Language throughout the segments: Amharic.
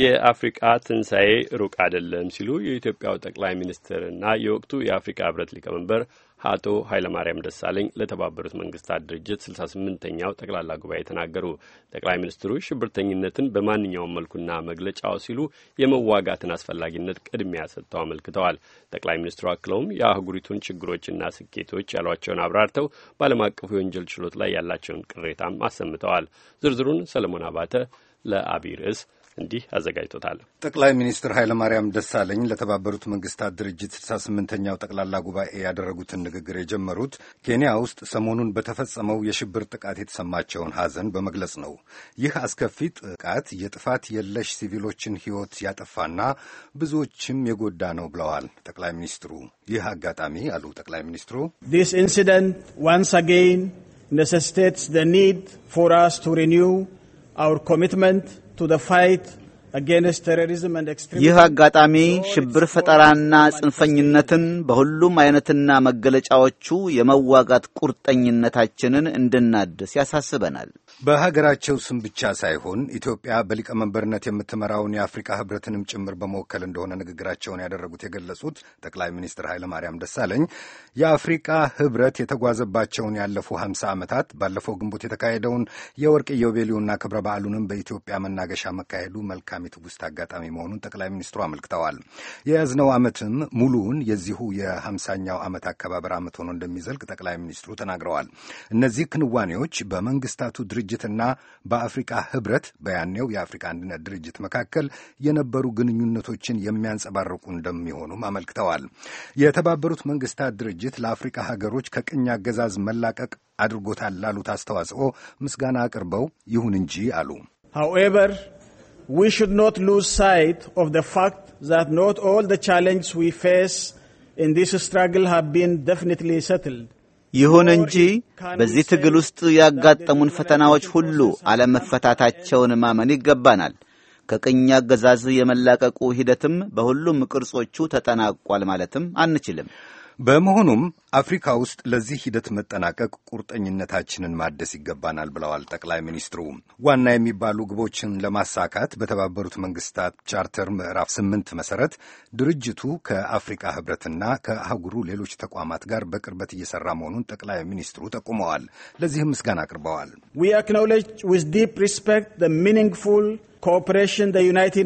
የአፍሪቃ ትንሣኤ ሩቅ አይደለም ሲሉ የኢትዮጵያው ጠቅላይ ሚኒስትርና የወቅቱ የአፍሪካ ህብረት ሊቀመንበር አቶ ኃይለማርያም ደሳለኝ ለተባበሩት መንግስታት ድርጅት ስልሳ ስምንተኛው ጠቅላላ ጉባኤ ተናገሩ። ጠቅላይ ሚኒስትሩ ሽብርተኝነትን በማንኛውም መልኩና መግለጫው ሲሉ የመዋጋትን አስፈላጊነት ቅድሚያ ሰጥተው አመልክተዋል። ጠቅላይ ሚኒስትሩ አክለውም የአህጉሪቱን ችግሮችና ስኬቶች ያሏቸውን አብራርተው በዓለም አቀፉ የወንጀል ችሎት ላይ ያላቸውን ቅሬታም አሰምተዋል። ዝርዝሩን ሰለሞን አባተ ለአቢይ ርዕስ እንዲህ አዘጋጅቶታል። ጠቅላይ ሚኒስትር ኃይለማርያም ደሳለኝ ለተባበሩት መንግስታት ድርጅት ስልሳ ስምንተኛው ጠቅላላ ጉባኤ ያደረጉትን ንግግር የጀመሩት ኬንያ ውስጥ ሰሞኑን በተፈጸመው የሽብር ጥቃት የተሰማቸውን ሐዘን በመግለጽ ነው። ይህ አስከፊ ጥቃት የጥፋት የለሽ ሲቪሎችን ሕይወት ያጠፋና ብዙዎችም የጎዳ ነው ብለዋል ጠቅላይ ሚኒስትሩ። ይህ አጋጣሚ አሉ ጠቅላይ ሚኒስትሩ ዲስ ኢንሲደንት ዋንስ አጌን necessitates the need for us to renew to the fight ይህ አጋጣሚ ሽብር ፈጠራና ጽንፈኝነትን በሁሉም አይነትና መገለጫዎቹ የመዋጋት ቁርጠኝነታችንን እንድናድስ ያሳስበናል። በሀገራቸው ስም ብቻ ሳይሆን ኢትዮጵያ በሊቀመንበርነት የምትመራውን የአፍሪካ ሕብረትንም ጭምር በመወከል እንደሆነ ንግግራቸውን ያደረጉት የገለጹት ጠቅላይ ሚኒስትር ኃይለማርያም ደሳለኝ የአፍሪካ ሕብረት የተጓዘባቸውን ያለፉ ሀምሳ ዓመታት ባለፈው ግንቦት የተካሄደውን የወርቅ ኢዮቤልዩና ክብረ በዓሉንም በኢትዮጵያ መናገሻ መካሄዱ መልካም አስካሚ ትውስት አጋጣሚ መሆኑን ጠቅላይ ሚኒስትሩ አመልክተዋል። የያዝነው ዓመትም ሙሉውን የዚሁ የሃምሳኛው ዓመት አከባበር ዓመት ሆኖ እንደሚዘልቅ ጠቅላይ ሚኒስትሩ ተናግረዋል። እነዚህ ክንዋኔዎች በመንግስታቱ ድርጅትና በአፍሪቃ ህብረት በያኔው የአፍሪቃ አንድነት ድርጅት መካከል የነበሩ ግንኙነቶችን የሚያንጸባርቁ እንደሚሆኑም አመልክተዋል። የተባበሩት መንግስታት ድርጅት ለአፍሪቃ ሀገሮች ከቅኝ አገዛዝ መላቀቅ አድርጎታል ላሉት አስተዋጽኦ ምስጋና አቅርበው ይሁን እንጂ አሉ we should not lose sight of the fact that not all the challenges we face in this struggle have been definitely settled. ይሁን እንጂ በዚህ ትግል ውስጥ ያጋጠሙን ፈተናዎች ሁሉ አለመፈታታቸውን ማመን ይገባናል። ከቅኝ አገዛዝ የመላቀቁ ሂደትም በሁሉም ቅርጾቹ ተጠናቋል ማለትም አንችልም። በመሆኑም አፍሪካ ውስጥ ለዚህ ሂደት መጠናቀቅ ቁርጠኝነታችንን ማደስ ይገባናል ብለዋል ጠቅላይ ሚኒስትሩ። ዋና የሚባሉ ግቦችን ለማሳካት በተባበሩት መንግስታት ቻርተር ምዕራፍ ስምንት መሰረት ድርጅቱ ከአፍሪካ ህብረትና ከአህጉሩ ሌሎች ተቋማት ጋር በቅርበት እየሰራ መሆኑን ጠቅላይ ሚኒስትሩ ጠቁመዋል። ለዚህም ምስጋና አቅርበዋል። We acknowledge with deep respect the meaningful cooperation the United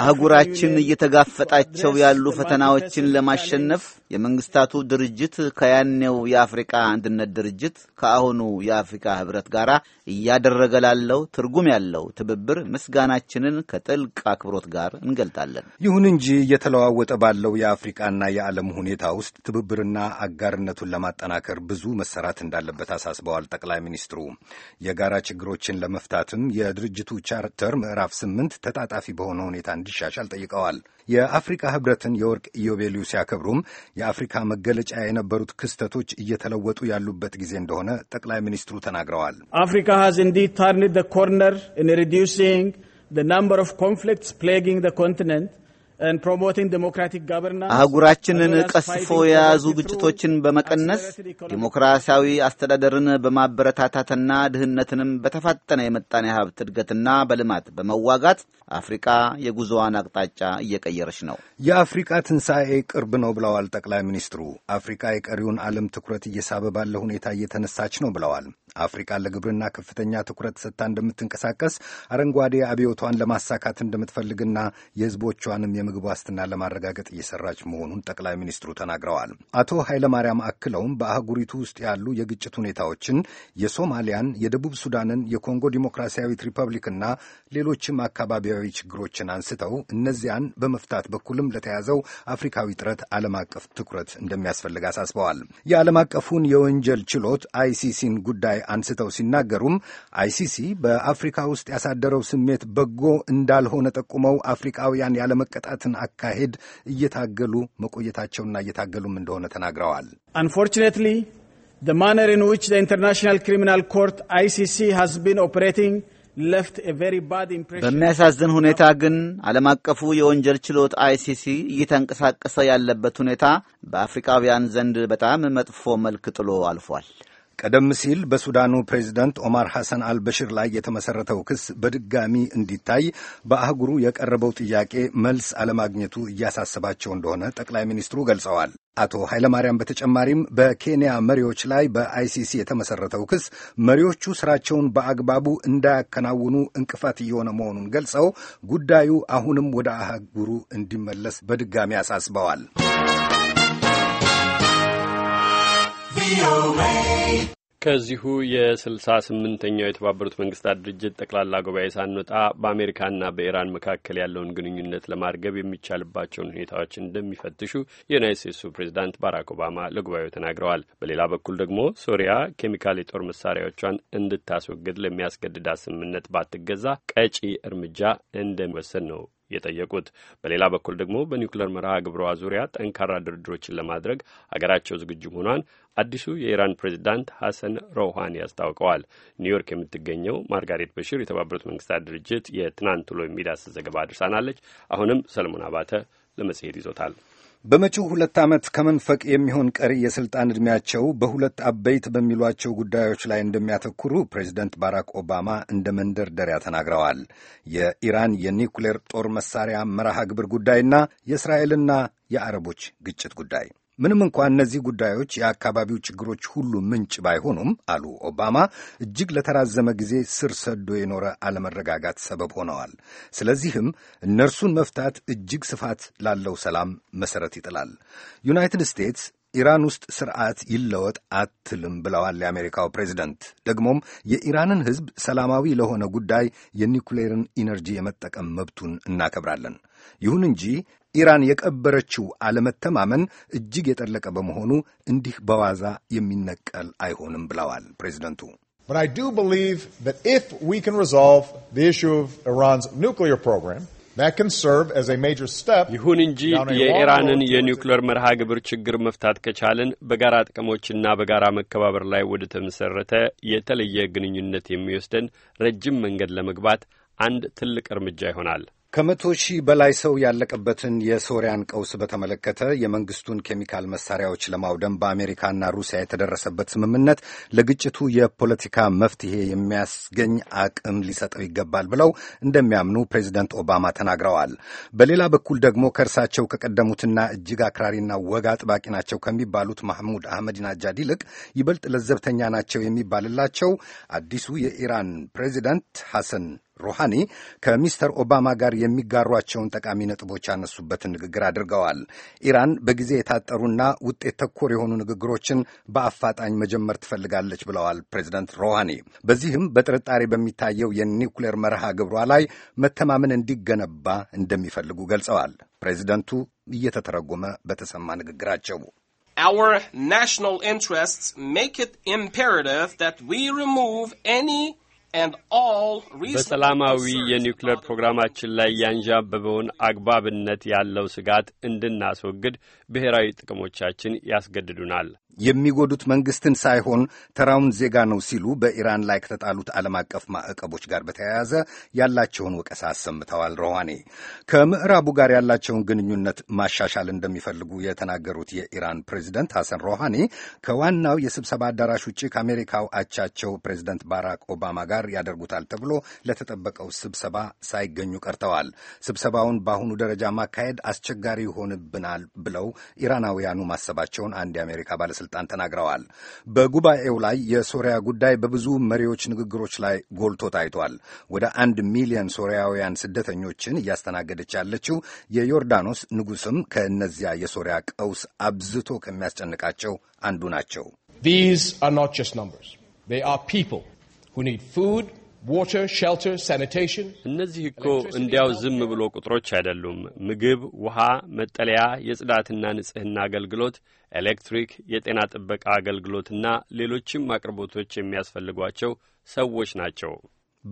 አህጉራችን እየተጋፈጣቸው ያሉ ፈተናዎችን ለማሸነፍ የመንግስታቱ ድርጅት ከያኔው የአፍሪካ አንድነት ድርጅት ከአሁኑ የአፍሪካ ህብረት ጋር እያደረገ ላለው ትርጉም ያለው ትብብር ምስጋናችንን ከጥልቅ አክብሮት ጋር እንገልጣለን። ይሁን እንጂ እየተለዋወጠ ባለው የአፍሪቃና የዓለም ሁኔታ ውስጥ ትብብርና አጋርነቱን ለማጠናከር ብዙ መሰራት እንዳለበት አሳስበዋል ጠቅላይ ሚኒስትሩ። የጋራ ችግሮችን ለመፍታትም የድርጅቱ ቻርተር ምዕራፍ ስምንት ተጣጣፊ በሆነ የሆነ ሁኔታ እንዲሻሻል ጠይቀዋል። የአፍሪካ ህብረትን የወርቅ ኢዮቤልዩ ሲያከብሩም የአፍሪካ መገለጫ የነበሩት ክስተቶች እየተለወጡ ያሉበት ጊዜ እንደሆነ ጠቅላይ ሚኒስትሩ ተናግረዋል። አፍሪካ ሃዝ እንዲ ተርንድ ኮርነር ኢን ሪዲዩሲንግ ዘ ኦፍ ኮንፍሊክትስ ፕሌጊንግ ኮንቲነንት አህጉራችንን ቀስፎ የያዙ ግጭቶችን በመቀነስ ዲሞክራሲያዊ አስተዳደርን በማበረታታትና ድህነትንም በተፋጠነ የመጣኔ ሀብት እድገትና በልማት በመዋጋት አፍሪቃ የጉዞዋን አቅጣጫ እየቀየረች ነው። የአፍሪቃ ትንሣኤ ቅርብ ነው ብለዋል ጠቅላይ ሚኒስትሩ። አፍሪቃ የቀሪውን ዓለም ትኩረት እየሳበ ባለ ሁኔታ እየተነሳች ነው ብለዋል። አፍሪቃ ለግብርና ከፍተኛ ትኩረት ሰጥታ እንደምትንቀሳቀስ አረንጓዴ አብዮቷን ለማሳካት እንደምትፈልግና የህዝቦቿንም የሕዝቦቿንም የምግብ ዋስትና ለማረጋገጥ እየሰራች መሆኑን ጠቅላይ ሚኒስትሩ ተናግረዋል። አቶ ኃይለማርያም አክለውም በአህጉሪቱ ውስጥ ያሉ የግጭት ሁኔታዎችን የሶማሊያን፣ የደቡብ ሱዳንን፣ የኮንጎ ዲሞክራሲያዊት ሪፐብሊክና ሌሎችም አካባቢያዊ ችግሮችን አንስተው እነዚያን በመፍታት በኩልም ለተያዘው አፍሪካዊ ጥረት ዓለም አቀፍ ትኩረት እንደሚያስፈልግ አሳስበዋል። የዓለም አቀፉን የወንጀል ችሎት አይሲሲን ጉዳይ አንስተው ሲናገሩም አይሲሲ በአፍሪካ ውስጥ ያሳደረው ስሜት በጎ እንዳልሆነ ጠቁመው አፍሪካውያን ያለመቀጣት የስርዓትን አካሄድ እየታገሉ መቆየታቸውና እየታገሉም እንደሆነ ተናግረዋል። አንፎርችኔትሊ the manner in which the International Criminal Court ICC has been operating በሚያሳዝን ሁኔታ ግን ዓለም አቀፉ የወንጀል ችሎት አይሲሲ እየተንቀሳቀሰ ያለበት ሁኔታ በአፍሪካውያን ዘንድ በጣም መጥፎ መልክ ጥሎ አልፏል። ቀደም ሲል በሱዳኑ ፕሬዚደንት ኦማር ሐሰን አልበሽር ላይ የተመሠረተው ክስ በድጋሚ እንዲታይ በአህጉሩ የቀረበው ጥያቄ መልስ አለማግኘቱ እያሳሰባቸው እንደሆነ ጠቅላይ ሚኒስትሩ ገልጸዋል። አቶ ኃይለማርያም በተጨማሪም በኬንያ መሪዎች ላይ በአይሲሲ የተመሠረተው ክስ መሪዎቹ ስራቸውን በአግባቡ እንዳያከናውኑ እንቅፋት እየሆነ መሆኑን ገልጸው ጉዳዩ አሁንም ወደ አህጉሩ እንዲመለስ በድጋሚ አሳስበዋል። ከዚሁ የስልሳ ስምንተኛው የተባበሩት መንግስታት ድርጅት ጠቅላላ ጉባኤ ሳንወጣ በአሜሪካና በኢራን መካከል ያለውን ግንኙነት ለማርገብ የሚቻልባቸውን ሁኔታዎች እንደሚፈትሹ የዩናይት ስቴትሱ ፕሬዚዳንት ባራክ ኦባማ ለጉባኤው ተናግረዋል። በሌላ በኩል ደግሞ ሶሪያ ኬሚካል የጦር መሳሪያዎቿን እንድታስወግድ ለሚያስገድዳ ስምምነት ባትገዛ ቀጪ እርምጃ እንደሚወሰን ነው የጠየቁት። በሌላ በኩል ደግሞ በኒውክሌር መርሃ ግብሯ ዙሪያ ጠንካራ ድርድሮችን ለማድረግ አገራቸው ዝግጁ መሆኗን አዲሱ የኢራን ፕሬዚዳንት ሐሰን ሮሃኒ አስታውቀዋል። ኒውዮርክ የምትገኘው ማርጋሬት በሽር የተባበሩት መንግስታት ድርጅት የትናንት ውሎ የሚዳስስ ዘገባ አድርሳናለች። አሁንም ሰለሞን አባተ ለመጽሔት ይዞታል። በመጪው ሁለት ዓመት ከመንፈቅ የሚሆን ቀሪ የሥልጣን ዕድሜያቸው በሁለት አበይት በሚሏቸው ጉዳዮች ላይ እንደሚያተኩሩ ፕሬዚደንት ባራክ ኦባማ እንደ መንደርደሪያ ተናግረዋል። የኢራን የኒውክሌር ጦር መሳሪያ መርሃ ግብር ጉዳይና የእስራኤልና የአረቦች ግጭት ጉዳይ ምንም እንኳን እነዚህ ጉዳዮች የአካባቢው ችግሮች ሁሉ ምንጭ ባይሆኑም፣ አሉ ኦባማ፣ እጅግ ለተራዘመ ጊዜ ስር ሰዶ የኖረ አለመረጋጋት ሰበብ ሆነዋል። ስለዚህም እነርሱን መፍታት እጅግ ስፋት ላለው ሰላም መሰረት ይጥላል። ዩናይትድ ስቴትስ ኢራን ውስጥ ስርዓት ይለወጥ አትልም ብለዋል የአሜሪካው ፕሬዚደንት። ደግሞም የኢራንን ሕዝብ ሰላማዊ ለሆነ ጉዳይ የኒውክሌርን ኢነርጂ የመጠቀም መብቱን እናከብራለን። ይሁን እንጂ ኢራን የቀበረችው አለመተማመን እጅግ የጠለቀ በመሆኑ እንዲህ በዋዛ የሚነቀል አይሆንም ብለዋል ፕሬዚደንቱ። ይሁን እንጂ የኢራንን የኒውክሌር መርሃ ግብር ችግር መፍታት ከቻልን በጋራ ጥቅሞችና በጋራ መከባበር ላይ ወደ ተመሰረተ የተለየ ግንኙነት የሚወስደን ረጅም መንገድ ለመግባት አንድ ትልቅ እርምጃ ይሆናል። ከመቶ ሺህ በላይ ሰው ያለቀበትን የሶሪያን ቀውስ በተመለከተ የመንግስቱን ኬሚካል መሳሪያዎች ለማውደም በአሜሪካና ሩሲያ የተደረሰበት ስምምነት ለግጭቱ የፖለቲካ መፍትሄ የሚያስገኝ አቅም ሊሰጠው ይገባል ብለው እንደሚያምኑ ፕሬዚደንት ኦባማ ተናግረዋል። በሌላ በኩል ደግሞ ከእርሳቸው ከቀደሙትና እጅግ አክራሪና ወግ አጥባቂ ናቸው ከሚባሉት ማህሙድ አህመዲናጃድ ይልቅ ይበልጥ ለዘብተኛ ናቸው የሚባልላቸው አዲሱ የኢራን ፕሬዚደንት ሐሰን ሩሃኒ ከሚስተር ኦባማ ጋር የሚጋሯቸውን ጠቃሚ ነጥቦች ያነሱበትን ንግግር አድርገዋል። ኢራን በጊዜ የታጠሩና ውጤት ተኮር የሆኑ ንግግሮችን በአፋጣኝ መጀመር ትፈልጋለች ብለዋል ፕሬዚደንት ሮሃኒ። በዚህም በጥርጣሬ በሚታየው የኒውክሌር መርሃ ግብሯ ላይ መተማመን እንዲገነባ እንደሚፈልጉ ገልጸዋል። ፕሬዚደንቱ እየተተረጎመ በተሰማ ንግግራቸው Our national interests make it imperative that we remove any በሰላማዊ የኒውክሌር ፕሮግራማችን ላይ ያንዣበበውን አግባብነት ያለው ስጋት እንድናስወግድ ብሔራዊ ጥቅሞቻችን ያስገድዱናል። የሚጎዱት መንግስትን ሳይሆን ተራውን ዜጋ ነው ሲሉ በኢራን ላይ ከተጣሉት ዓለም አቀፍ ማዕቀቦች ጋር በተያያዘ ያላቸውን ወቀሳ አሰምተዋል። ሮሃኒ ከምዕራቡ ጋር ያላቸውን ግንኙነት ማሻሻል እንደሚፈልጉ የተናገሩት የኢራን ፕሬዚደንት ሐሰን ሮሃኒ ከዋናው የስብሰባ አዳራሽ ውጭ ከአሜሪካው አቻቸው ፕሬዚደንት ባራክ ኦባማ ጋር ያደርጉታል ተብሎ ለተጠበቀው ስብሰባ ሳይገኙ ቀርተዋል። ስብሰባውን በአሁኑ ደረጃ ማካሄድ አስቸጋሪ ይሆንብናል ብለው ኢራናውያኑ ማሰባቸውን አንድ የአሜሪካ ባለ ባለሥልጣን ተናግረዋል። በጉባኤው ላይ የሶሪያ ጉዳይ በብዙ መሪዎች ንግግሮች ላይ ጎልቶ ታይቷል። ወደ አንድ ሚሊዮን ሶሪያውያን ስደተኞችን እያስተናገደች ያለችው የዮርዳኖስ ንጉሥም ከእነዚያ የሶሪያ ቀውስ አብዝቶ ከሚያስጨንቃቸው አንዱ ናቸው። These are not just numbers. They are people who need food. እነዚህ እኮ እንዲያው ዝም ብሎ ቁጥሮች አይደሉም። ምግብ፣ ውሃ፣ መጠለያ፣ የጽዳትና ንጽህና አገልግሎት፣ ኤሌክትሪክ፣ የጤና ጥበቃ አገልግሎትና ሌሎችም አቅርቦቶች የሚያስፈልጓቸው ሰዎች ናቸው።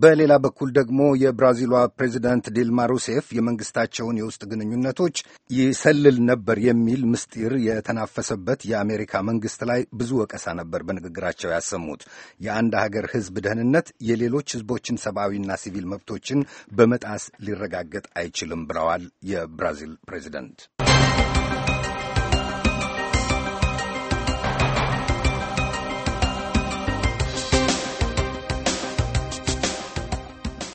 በሌላ በኩል ደግሞ የብራዚሏ ፕሬዚዳንት ዲልማ ሩሴፍ የመንግስታቸውን የውስጥ ግንኙነቶች ይሰልል ነበር የሚል ምስጢር የተናፈሰበት የአሜሪካ መንግስት ላይ ብዙ ወቀሳ ነበር በንግግራቸው ያሰሙት። የአንድ ሀገር ሕዝብ ደህንነት የሌሎች ሕዝቦችን ሰብአዊና ሲቪል መብቶችን በመጣስ ሊረጋገጥ አይችልም ብለዋል የብራዚል ፕሬዚደንት።